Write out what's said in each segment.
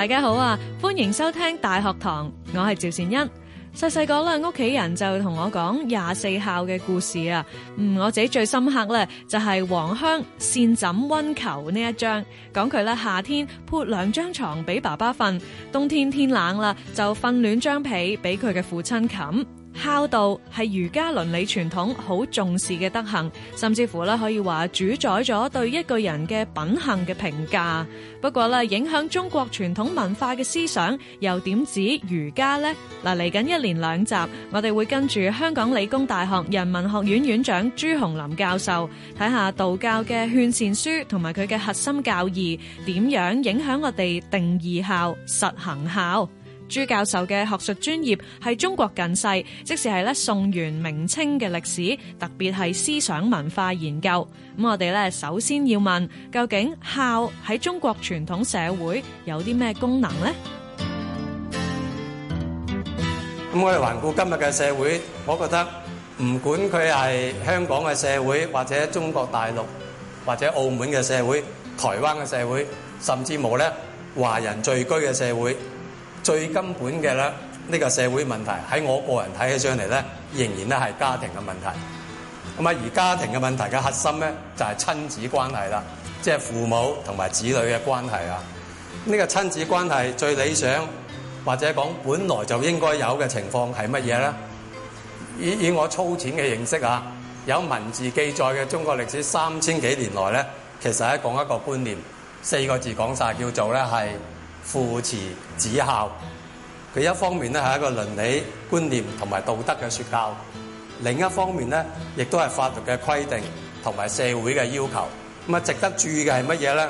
大家好啊，歡迎收聽大學堂，我係趙善恩。細細個咧，屋企人就同我講廿四孝嘅故事啊。嗯，我自己最深刻咧就係、是、黃香扇枕溫球呢一章，講佢咧夏天潑兩張床俾爸爸瞓，冬天天冷啦就瞓暖張被俾佢嘅父親冚。孝道係儒家倫理傳統好重視嘅德行，甚至乎咧可以話主宰咗對一個人嘅品行嘅評價。不過咧影響中國傳統文化嘅思想又點止儒家呢？嗱嚟緊一連兩集，我哋會跟住香港理工大學人文學院院長朱鴻林教授睇下道教嘅勸善書同埋佢嘅核心教義點樣影響我哋定義孝、實行孝。朱教授嘅學術專業係中國近世，即使係咧宋元明清嘅歷史，特別係思想文化研究。咁我哋咧首先要問，究竟孝喺中國傳統社會有啲咩功能咧？咁我哋環顧今日嘅社會，我覺得唔管佢係香港嘅社會，或者中國大陸，或者澳門嘅社會、台灣嘅社會，甚至冇咧華人聚居嘅社會。最根本嘅咧，呢個社會問題，喺我個人睇起上嚟咧，仍然咧係家庭嘅問題。咁啊，而家庭嘅問題嘅核心咧，就係親子關係啦，即係父母同埋子女嘅關係啊。呢個親子關係最理想，或者講本來就應該有嘅情況是什麼呢，係乜嘢咧？以以我粗淺嘅認識啊，有文字記載嘅中國歷史三千幾年來咧，其實喺講一個觀念，四個字講晒叫做咧係，父慈子孝，佢一方面咧係一個倫理觀念同埋道德嘅說教，另一方面咧亦都係法律嘅規定同埋社會嘅要求。咁啊，值得注意嘅係乜嘢咧？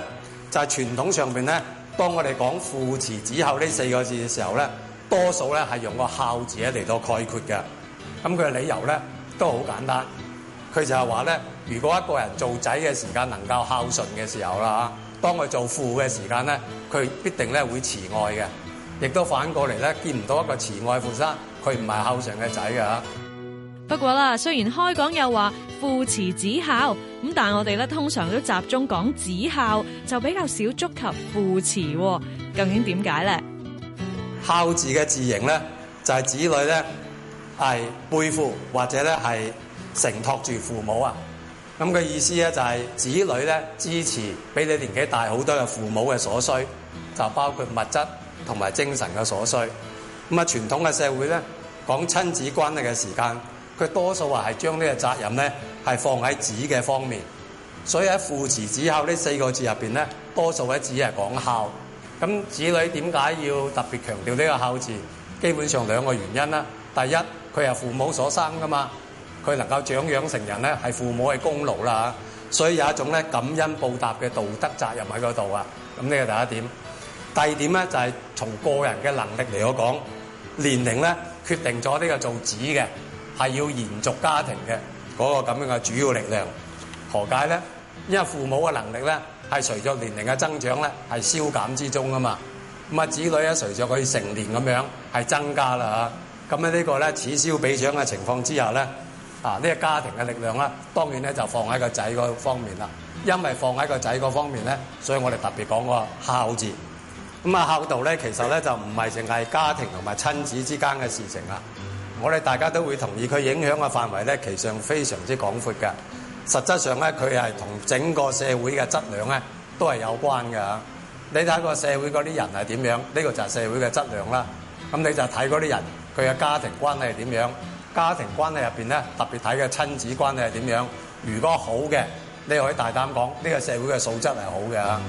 就係、是、傳統上邊咧，當我哋講父慈子孝呢四個字嘅時候咧，多數咧係用個孝字咧嚟到概括嘅。咁佢嘅理由咧都好簡單，佢就係話咧，如果一個人做仔嘅時間能夠孝順嘅時候啦，當佢做父嘅時間咧，佢必定咧會慈愛嘅，亦都反過嚟咧見唔到一個慈愛父親，佢唔係孝順嘅仔嘅㗎。不過啦，雖然開講又話父慈子孝，咁但係我哋咧通常都集中講子孝，就比較少觸及父慈，究竟點解咧？孝字嘅字形咧，就係子女咧係背負或者咧係承托住父母啊。咁嘅意思咧就係子女咧支持俾你年紀大好多嘅父母嘅所需，就包括物質同埋精神嘅所需。咁啊，傳統嘅社會咧講親子關係嘅時間，佢多數話係將呢個責任咧係放喺子嘅方面。所以喺父慈子孝呢四個字入面咧，多數位子係講孝。咁子女點解要特別強調呢個孝字？基本上兩個原因啦。第一，佢係父母所生噶嘛。佢能夠長養成人咧，係父母嘅功勞啦嚇，所以有一種咧感恩報答嘅道德責任喺嗰度啊。咁呢個第一點，第二點咧就係從個人嘅能力嚟講，年齡咧決定咗呢個做子嘅係要延續家庭嘅嗰個咁樣嘅主要力量。何解咧？因為父母嘅能力咧係隨著年齡嘅增長咧係消減之中啊嘛。咁啊，子女咧隨著佢成年咁樣係增加啦嚇。咁喺呢個咧此消彼長嘅情況之下咧。啊！呢個家庭嘅力量啦，當然咧就放喺個仔嗰方面啦。因為放喺個仔嗰方面咧，所以我哋特別講個孝字。咁啊，孝道咧，其實咧就唔係淨係家庭同埋親子之間嘅事情啦。我哋大家都會同意，佢影響嘅範圍咧，其實上非常之廣闊嘅。實質上咧，佢係同整個社會嘅質量咧都係有關嘅。你睇個社會嗰啲人係點樣？呢個就係社會嘅質量啦。咁你就睇嗰啲人佢嘅家庭關係係點樣。家庭關係入邊咧，特別睇嘅親子關係係點樣？如果好嘅，你可以大膽講，呢個社會嘅素質係好嘅。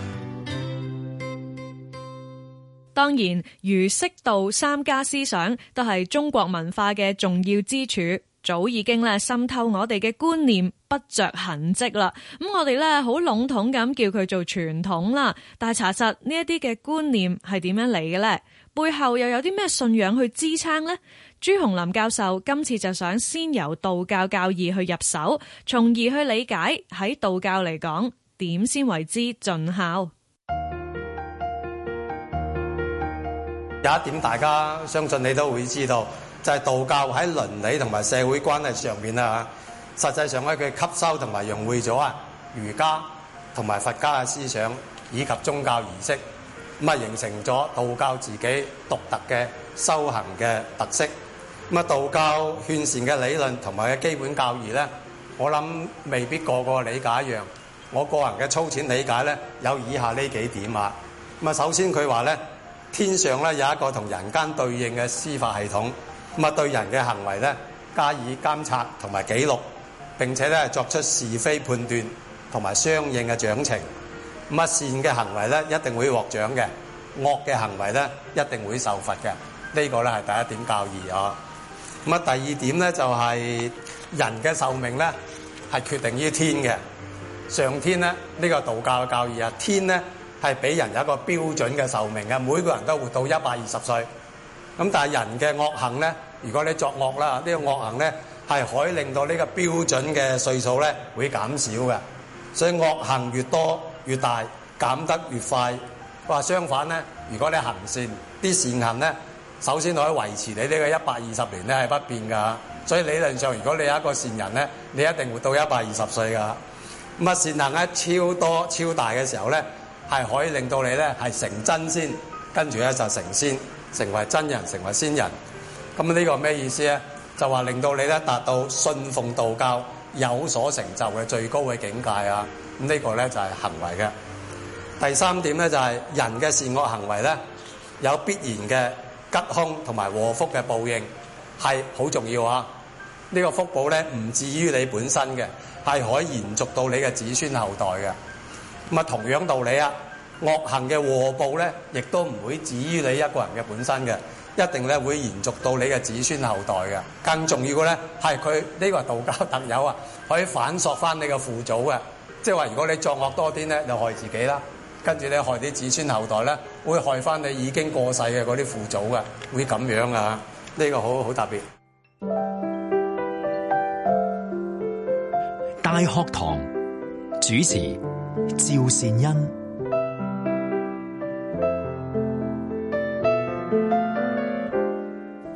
當然，儒釋道三家思想都係中國文化嘅重要支柱，早已經咧滲透我哋嘅觀念，不着痕跡啦。咁我哋咧好籠統咁叫佢做傳統啦。但係查實呢一啲嘅觀念係點樣嚟嘅呢？背後又有啲咩信仰去支撐呢？朱鴻林教授今次就想先由道教教義去入手，從而去理解喺道教嚟講，點先為之盡孝。有一點大家相信你都會知道，就係、是、道教喺倫理同埋社會關係上面啊，實際上咧，佢吸收同埋融匯咗啊儒家同埋佛家嘅思想，以及宗教儀式，咁啊形成咗道教自己獨特嘅修行嘅特色。道教勸善嘅理論同埋基本教義呢，我諗未必個個個理解一樣。我個人嘅粗淺理解呢，有以下呢幾點啊。咁首先佢話呢，天上有一個同人間對應嘅司法系統，咁對人嘅行為加以監察同埋記錄，並且作出是非判斷同埋相應嘅獎懲。乜善嘅行為一定會獲獎嘅，惡嘅行為一定會受罰嘅。呢個咧係第一點教義啊。咁啊，第二點咧就係人嘅壽命咧係決定於天嘅，上天咧呢個道教嘅教義啊，天咧係俾人有一個標準嘅壽命嘅，每個人都活到一百二十歲。咁但係人嘅惡行咧，如果你作惡啦，呢個惡行咧係可以令到呢個標準嘅歲數咧會減少嘅。所以惡行越多越大，減得越快。話相反咧，如果你行善，啲善行咧。首先可以維持你呢個一百二十年咧係不變㗎，所以理論上如果你有一個善人咧，你一定活到一百二十歲㗎。咁善能咧超多超大嘅時候咧，係可以令到你咧係成真仙。跟住咧就成仙，成為真人，成為仙人。咁呢個咩意思咧？就話令到你咧達到信奉道教有所成就嘅最高嘅境界啊！咁呢個咧就係行為嘅。第三點咧就係人嘅善惡行為咧有必然嘅。吉凶同埋禍福嘅報應係好重要啊！呢個福報咧唔止於你本身嘅，係可以延續到你嘅子孫後代嘅。咁啊，同樣道理啊，惡行嘅禍報咧，亦都唔會止於你一個人嘅本身嘅，一定咧會延續到你嘅子孫後代嘅。更重要嘅咧係佢呢個道教特有啊，可以反溯翻你嘅父祖嘅，即係話如果你作惡多啲咧，就害自己啦。跟住咧害啲子孫後代咧，會害翻你已經過世嘅嗰啲父祖嘅，會咁樣啊！呢個好好特別。大學堂主持趙善恩。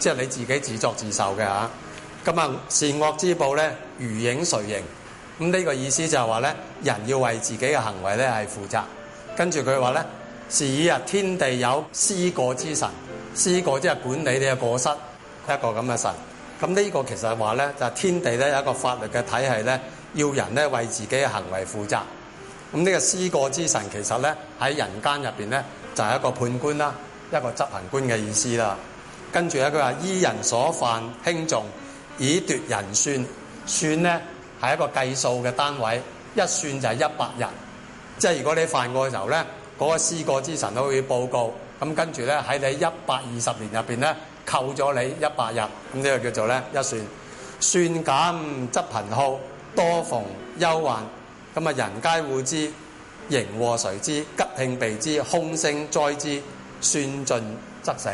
即係你自己自作自受嘅。咁啊，善惡之報咧，如影隨形，咁、這、呢個意思就係話咧人要為自己嘅行為咧係負責。跟住佢話咧，是以啊，天地有司過之神，司過即係管理你嘅過失，一個咁嘅神。咁、這、呢個其實話咧就係天地咧有一個法律嘅體系咧，要人咧為自己嘅行為負責。咁、這、呢個司過之神其實咧喺人間入邊咧就係一個判官啦，一個執行官嘅意思啦。跟住咧，佢話依人所犯輕重，以奪人算。算呢係一個計數嘅單位，一算就係一百日。即係如果你犯過嘅時候呢，嗰、那個司過之神都會報告。咁跟住呢，喺你一百二十年入面呢，扣咗你一百日。咁呢個叫做呢一算。算減則貧耗，多逢憂患。咁啊，人皆惡之，刑禍隨之，吉慶避之，凶星災之。算盡則死。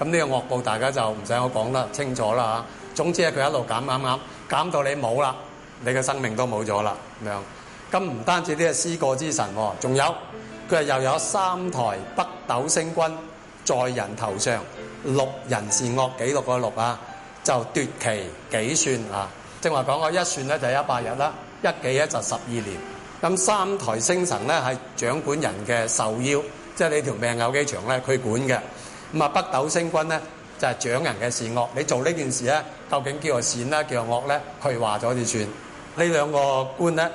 咁呢個惡報，大家就唔使我講得清楚啦嚇。總之係佢一路減啱啱，減到你冇啦，你嘅生命都冇咗啦咁樣。咁唔單止呢個思過之神喎、啊，仲有佢係又有三台北斗星君在人頭上，六人是惡紀錄個六啊？就奪其幾算啊？正話講嗰一算咧就係一百日啦、啊，一幾咧就十二年。咁三台星神咧係掌管人嘅壽夭，即係你條命有幾長咧，佢管嘅。咁啊，北斗星君咧就係掌人嘅善惡，你做呢件事咧，究竟叫做善啦，叫做惡咧，佢話咗就算。呢兩個官咧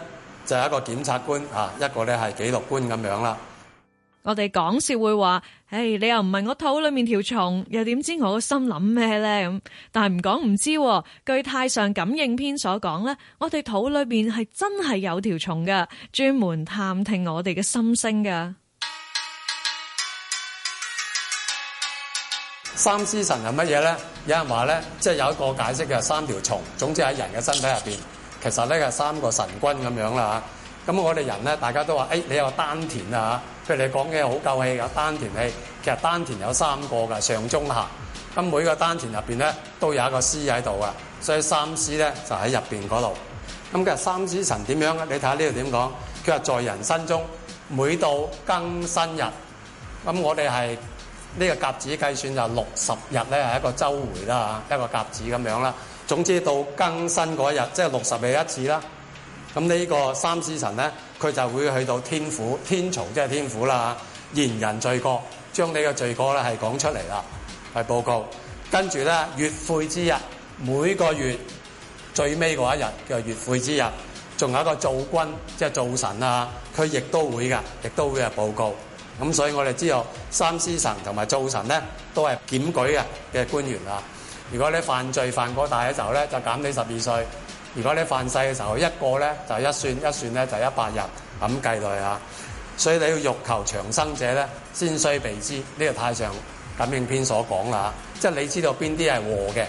就係一個檢察官啊，一個咧係紀錄官咁樣啦。我哋講笑會話，唉，你又唔係我肚裏面條蟲，又點知我個心諗咩咧？咁但係唔講唔知，據《太上感應篇》所講咧，我哋肚裏邊係真係有條蟲㗎，專門探聽我哋嘅心聲㗎。三尸神係乜嘢咧？有人話咧，即、就、係、是、有一個解釋嘅、就是、三條蟲，總之喺人嘅身體入面，其實咧係、就是、三個神君咁樣啦。咁我哋人咧，大家都話，誒、哎，你有丹田啊嚇。譬如你講嘅好夠氣嘅丹田氣，其實丹田有三個噶，上中下。咁每個丹田入面咧都有一個師喺度啊，所以三尸咧就喺入面嗰度。咁其實三尸神點樣咧？你睇下呢度點講，佢話在人身中，每到更新日，咁我哋係。呢個甲子計算就六十日咧，係一個周回啦嚇，一個甲子咁樣啦。總之到更新嗰一日，即係六十日一次啦。咁呢個三尸神咧，佢就會去到天府天曹，即係天府啦嚇，言人罪過，將你嘅罪過咧係講出嚟啦，係報告。跟住咧，月晦之日，每個月最尾嗰一日叫做月晦之日，仲有一個灶君，即係灶神啊，佢亦都會噶，亦都會係報告。咁所以我哋知道三尸神同埋灶神咧都係檢舉嘅嘅官員啊。如果你犯罪犯過大嘅時候咧，就減你十二歲；如果你犯細嘅時候，一個咧就一算一算咧就一百日咁計落去啊。所以你要欲求長生者咧，先須避之。呢個太上感應篇所講啦，即係你知道邊啲係和嘅，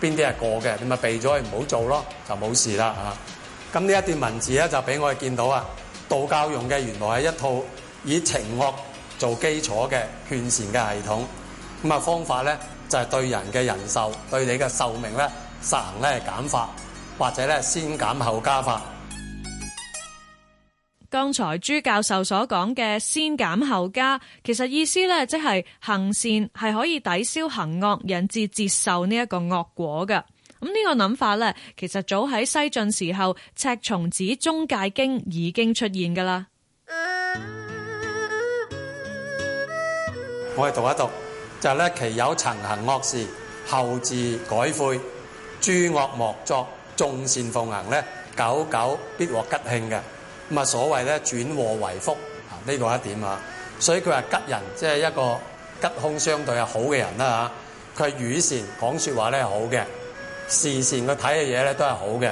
邊啲係過嘅，你咪避咗唔好做咯，就冇事啦嚇。咁呢一段文字咧就俾我哋見到啊，道教用嘅原來係一套。以懲惡做基礎嘅勸善嘅系統，咁啊方法咧就係對人嘅人壽，對你嘅壽命咧實行咧係減法，或者咧先減後加法。剛才朱教授所講嘅先減後加，其實意思咧即係行善係可以抵消行惡，引致接受呢一個惡果嘅。咁、這、呢個諗法咧，其實早喺西晉時候《赤松子中介經》已經出現噶啦。我哋讀一讀，就係咧，其有曾行惡事，後自改悔，諸惡莫作，眾善奉行咧，久久必獲吉慶嘅。咁啊，所謂咧轉禍為福啊，呢個一點啊。所以佢話吉人，即係一個吉凶相對啊，好嘅人啦嚇。佢係語善，講説話咧係好嘅，視善個睇嘅嘢咧都係好嘅，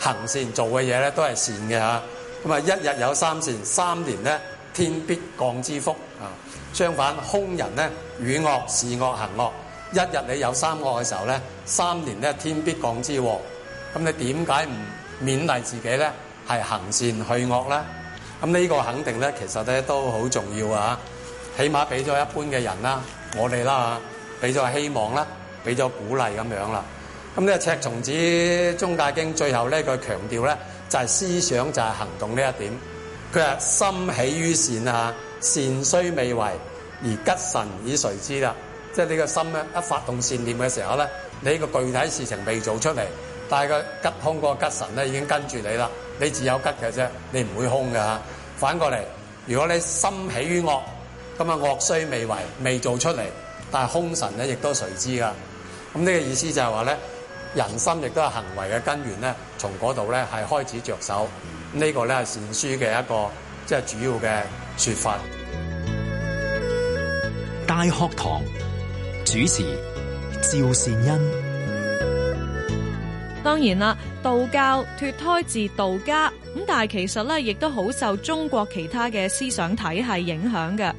行善做嘅嘢咧都係善嘅嚇。咁啊，一日有三善，三年咧天必降之福啊。相反，兇人咧，語惡、事惡、行惡，一日你有三惡嘅時候咧，三年咧天必降之禍。咁你點解唔勉勵自己咧？係行善去惡咧？咁呢個肯定咧，其實咧都好重要啊！起碼俾咗一般嘅人啦，我哋啦嚇，俾咗希望啦，俾咗鼓勵咁樣啦、啊。咁呢個《赤松子中誡經》最後呢佢強調咧就係、是、思想就係行動呢一點。佢係心起於善啊！善雖未為，而吉神已隨之啦。即係你個心咧一發動善念嘅時候咧，你呢個具體事情未做出嚟，但係個吉凶嗰吉神咧已經跟住你啦。你只有吉嘅啫，你唔會凶嘅嚇。反過嚟，如果你心起於惡，咁啊惡雖未為，未做出嚟，但係凶神咧亦都隨之噶。咁呢個意思就係話咧，人心亦都係行為嘅根源咧，從嗰度咧係開始着手。呢個咧係善書嘅一個即係、就是、主要嘅。說法。大學堂主持趙善恩，當然啦，道教脫胎自道家，咁但係其實咧，亦都好受中國其他嘅思想體系影響嘅。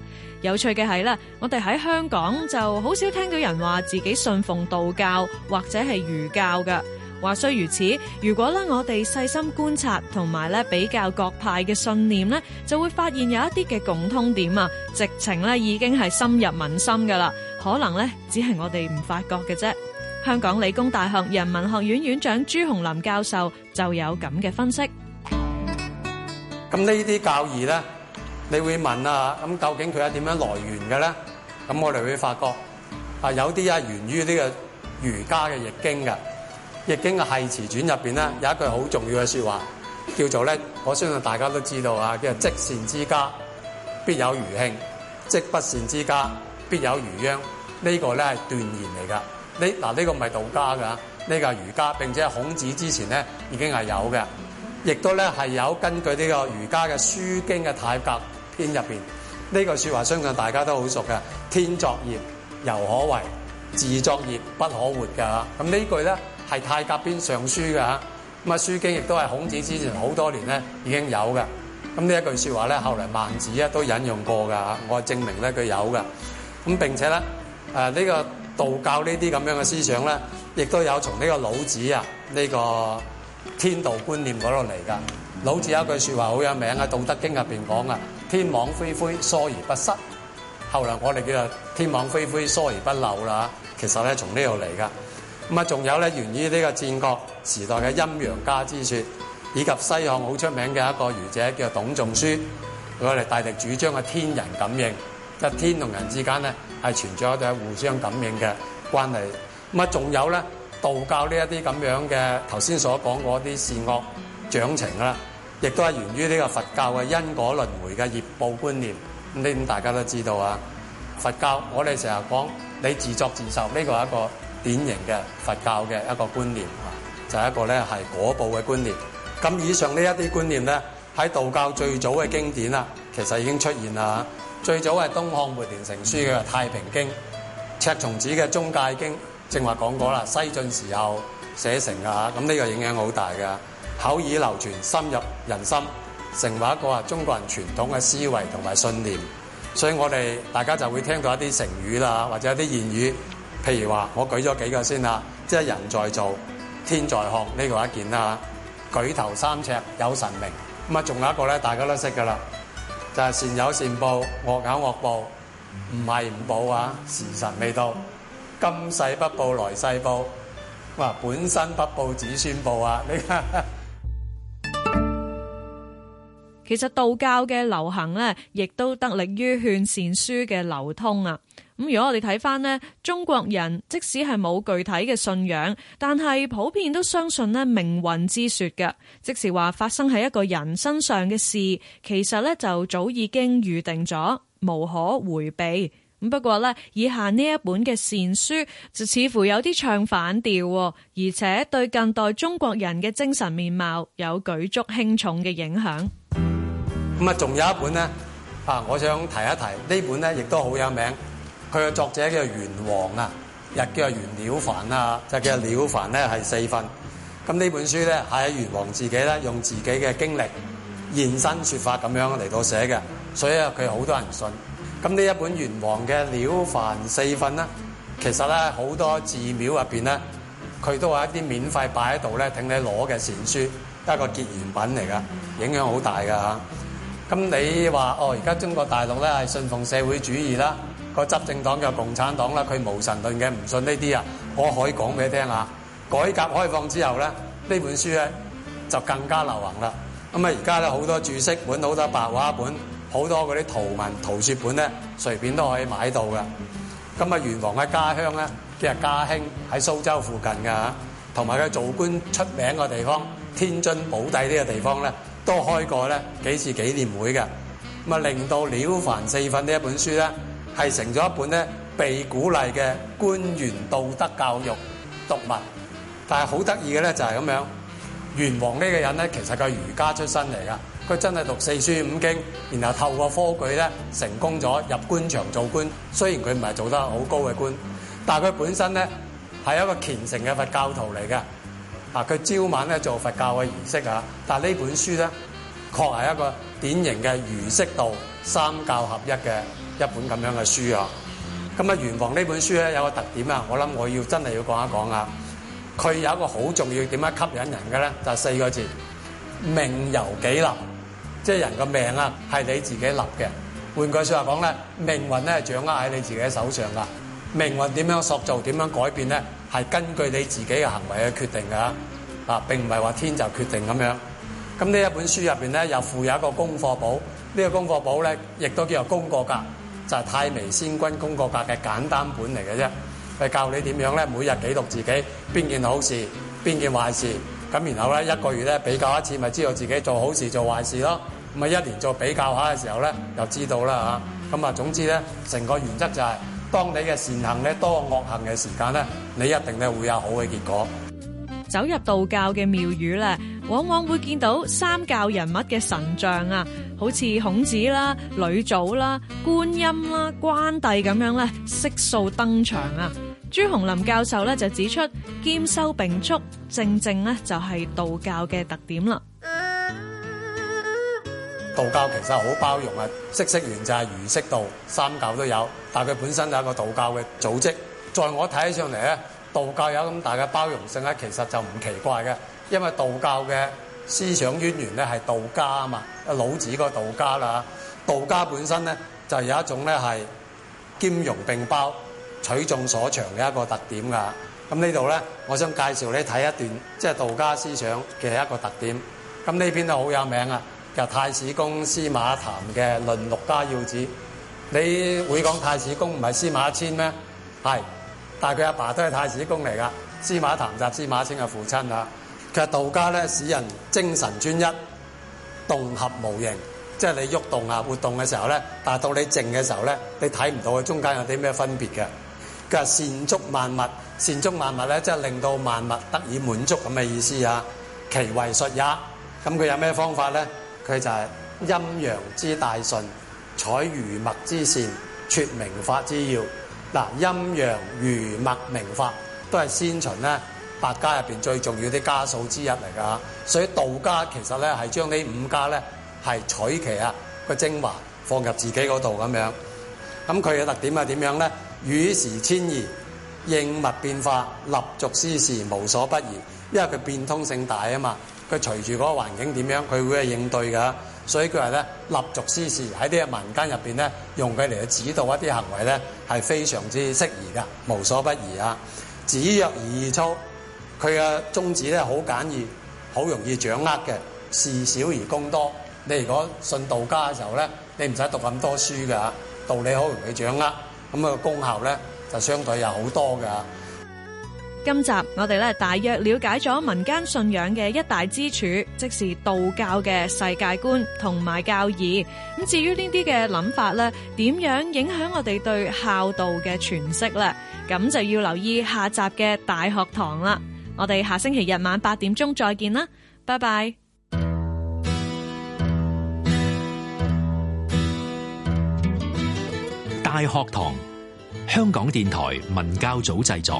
有趣嘅係咧，我哋喺香港就好少聽到人話自己信奉道教或者係儒教嘅。話雖如此，如果咧我哋細心觀察同埋咧比較各派嘅信念咧，就會發現有一啲嘅共通點啊，直情咧已經係深入民心噶啦，可能咧只係我哋唔發覺嘅啫。香港理工大學人文學院院長朱鴻林教授就有咁嘅分析。咁呢啲教義咧，你會問啊，咁究竟佢係點樣來源嘅咧？咁我哋會發覺啊，有啲啊源於呢個儒家嘅易經嘅。《易經》嘅《繫辭傳》入邊咧有一句好重要嘅説話，叫做咧，我相信大家都知道啊。叫積善之家必有餘慶，積不善之家必有餘殃。呢、這個咧係斷言嚟噶。呢嗱呢個唔係、這個、道家噶，呢、這個係儒家，並且孔子之前咧已經係有嘅。亦都咧係有根據呢個儒家嘅《書經》嘅《太格篇》入邊呢句説話，相信大家都好熟嘅。天作孽，猶可為；自作孽，不可活的。噶咁呢句咧。係《太甲》篇上書嘅嚇，咁啊《書經》亦都係孔子之前好多年咧已經有嘅。咁呢一句説話咧，後嚟孟子啊都引用過嘅嚇，我證明咧佢有嘅。咁並且咧，誒呢個道教呢啲咁樣嘅思想咧，亦都有從呢個老子啊呢個天道觀念嗰度嚟嘅。老子有一句説話好有名啊，《道德經》入邊講啊：天網恢恢，疏而不失。後嚟我哋叫做天網恢恢，疏而不漏啦。其實咧，從呢度嚟嘅。咁啊，仲有咧，源於呢個戰國時代嘅陰陽家之說，以及西漢好出名嘅一個儒者，叫董仲舒，佢嚟大力主張嘅天人感應，即係天同人之間咧係存在一對互相感應嘅關係。咁啊，仲有咧，道教這些，這剛才些，呢一啲咁樣嘅，頭先所講嗰啲善惡獎懲啦，亦都係源於呢個佛教嘅因果輪回嘅業報觀念。咁呢啲大家都知道啊。佛教我哋成日講，你自作自受，呢個一個，典型嘅佛教嘅一個觀念啊，就係一個咧係果報嘅觀念。咁以上呢一啲觀念咧，喺道教最早嘅經典啊，其實已經出現啦。最早係東漢末年成書嘅《太平經》，赤松子嘅《中誡經》正話講過啦，西晉時候寫成嘅嚇。咁呢個影響好大嘅，口耳流傳，深入人心，成為一個啊中國人傳統嘅思維同埋信念。所以我哋大家就會聽到一啲成語啦，或者一啲諺語。譬如話，我舉咗幾個先啦，即係人在做，天在看呢，這個一件啦。舉頭三尺有神明，咁啊，仲有一個咧，大家都識噶啦，就係、是、善有善報，惡有惡報，唔係唔報啊，時辰未到，今世不報來世報，哇，本身不報子孫報啊！你 其實道教嘅流行咧，亦都得力於勸善書嘅流通啊。咁，如果我哋睇翻呢，中國人即使係冇具體嘅信仰，但係普遍都相信呢命運之說嘅。即使話發生喺一個人身上嘅事，其實呢就早已經預定咗，無可回避。咁不過呢，以下呢一本嘅善書就似乎有啲唱反調，而且對近代中國人嘅精神面貌有舉足輕重嘅影響。咁啊，仲有一本呢，啊，我想提一提，呢本呢亦都好有名。佢嘅作者叫做袁黃啊，又叫做袁了凡啊，就叫做了凡咧，係四訓。咁呢本書咧，係袁黃自己咧用自己嘅經歷現身説法咁樣嚟到寫嘅，所以咧佢好多人信。咁呢一本袁黃嘅《了凡四訓》咧，其實咧好多寺廟入邊咧，佢都係一啲免費擺喺度咧，等你攞嘅善書，都係一個結緣品嚟噶，影響好大噶嚇。咁你話哦，而家中國大陸咧係信奉社會主義啦。個執政黨嘅共產黨啦，佢無神論嘅，唔信呢啲啊。我可以講俾你聽下，改革開放之後咧，呢本書咧就更加流行啦。咁啊，而家咧好多注釋本、好多白話本、好多嗰啲圖文圖說本咧，隨便都可以買到嘅。咁啊，袁黃嘅家鄉咧，即係嘉興喺蘇州附近嘅嚇，同埋佢做官出名嘅地方天津寶坻呢個地方咧，都開過咧幾次紀念會嘅，咁啊令到《了凡四訓》呢一本書咧。係成咗一本咧被鼓勵嘅官員道德教育讀物，但係好得意嘅咧就係咁樣。袁黃呢個人咧，其實係儒家出身嚟噶，佢真係讀四書五經，然後透過科舉咧成功咗入官場做官。雖然佢唔係做得好高嘅官，但係佢本身咧係一個虔誠嘅佛教徒嚟嘅啊！佢朝晚咧做佛教嘅儀式啊，但係呢本書咧確係一個典型嘅儒釋道三教合一嘅。一本咁樣嘅書啊，咁啊《袁黃》呢本書咧有個特點啊，我諗我要真係要講一講啊。佢有一個好重要點樣吸引人嘅咧，就係、四個字：命由己立。即係人個命啊，係你自己立嘅。換句説話講咧，命運咧掌握喺你自己手上噶。命運點樣塑造、點樣改變咧，係根據你自己嘅行為去決定嘅。啊，並唔係話天就決定咁樣。咁呢一本書入邊咧，又附有一個功課簿。呢、呢個功課簿咧，亦都叫做功過格。就係太微仙君功過格嘅簡單本嚟嘅啫，係教你點樣咧，每日記錄自己邊件好事，邊件壞事，咁然後咧一個月咧比較一次，咪知道自己做好事做壞事咯。咁啊一年做比較一下嘅時候咧，就知道啦嚇。咁啊總之咧，成個原則就係、是，當你嘅善行咧多過惡行嘅時間咧，你一定咧會有好嘅結果。走入道教嘅廟宇咧，往往會見到三教人物嘅神像啊，好似孔子啦、呂祖啦、觀音啦、關帝咁樣咧，悉數登場啊！朱鴻林教授咧就指出，兼收並蓄，正正咧就係道教嘅特點啦。道教其實好包容啊，釋釋完就係儒釋道，三教都有，但係佢本身就係一個道教嘅組織，在我睇起上嚟咧。道教有咁大嘅包容性咧，其實就唔奇怪嘅，因為道教嘅思想淵源咧係道家啊嘛，老子個道家啦，道家本身咧就有一種咧係兼容並包、取眾所長嘅一個特點㗎。咁呢度咧，我想介紹你睇一段，即係道家思想嘅一個特點，咁呢篇都好有名啊，就太史公、司馬談嘅《論六家要旨》。你會講太史公唔係司馬遷咩？係。但係佢阿爸都係太史公嚟噶，司馬談、雜司馬遷嘅父親啊。其實道家咧使人精神專一，動合無形，即係你喐動啊活動嘅時候咧，但係到你靜嘅時候咧，你睇唔到佢中間有啲咩分別嘅。佢係善足萬物，善足萬物咧，即係令到萬物得以滿足咁嘅意思啊。其為術也。咁佢有咩方法咧？佢就係陰陽之大順，採儒墨之善，撮名法之要。嗱，陰陽儒墨名法都係先秦咧百家入邊最重要啲家數之一嚟㗎，所以道家其實咧係將呢五家咧係取其啊個精華放入自己嗰度咁樣。咁佢嘅特點係點樣咧？與時遷移，應物變化，立俗施事，無所不宜。因為佢變通性大啊嘛，佢隨住嗰個環境點樣，佢會去應對㗎。所以佢話咧，立俗施事喺啲民間入邊咧，用佢嚟去指導一啲行為咧，係非常之適宜噶，無所不宜啊！指約而易操，佢嘅宗旨咧好簡易，好容易掌握嘅，事少而功多。你如果信道家嘅時候咧，你唔使讀咁多書㗎，道理好容易掌握，咁啊功效咧就相對有好多㗎。今集我哋咧大約了解咗民間信仰嘅一大支柱，即是道教嘅世界觀同埋教義。咁至於呢啲嘅諗法咧，點樣影響我哋對孝道嘅詮釋呢？咁就要留意下集嘅大學堂啦。我哋下星期日晚八點鐘再見啦，拜拜。大學堂，香港電台文教組製作。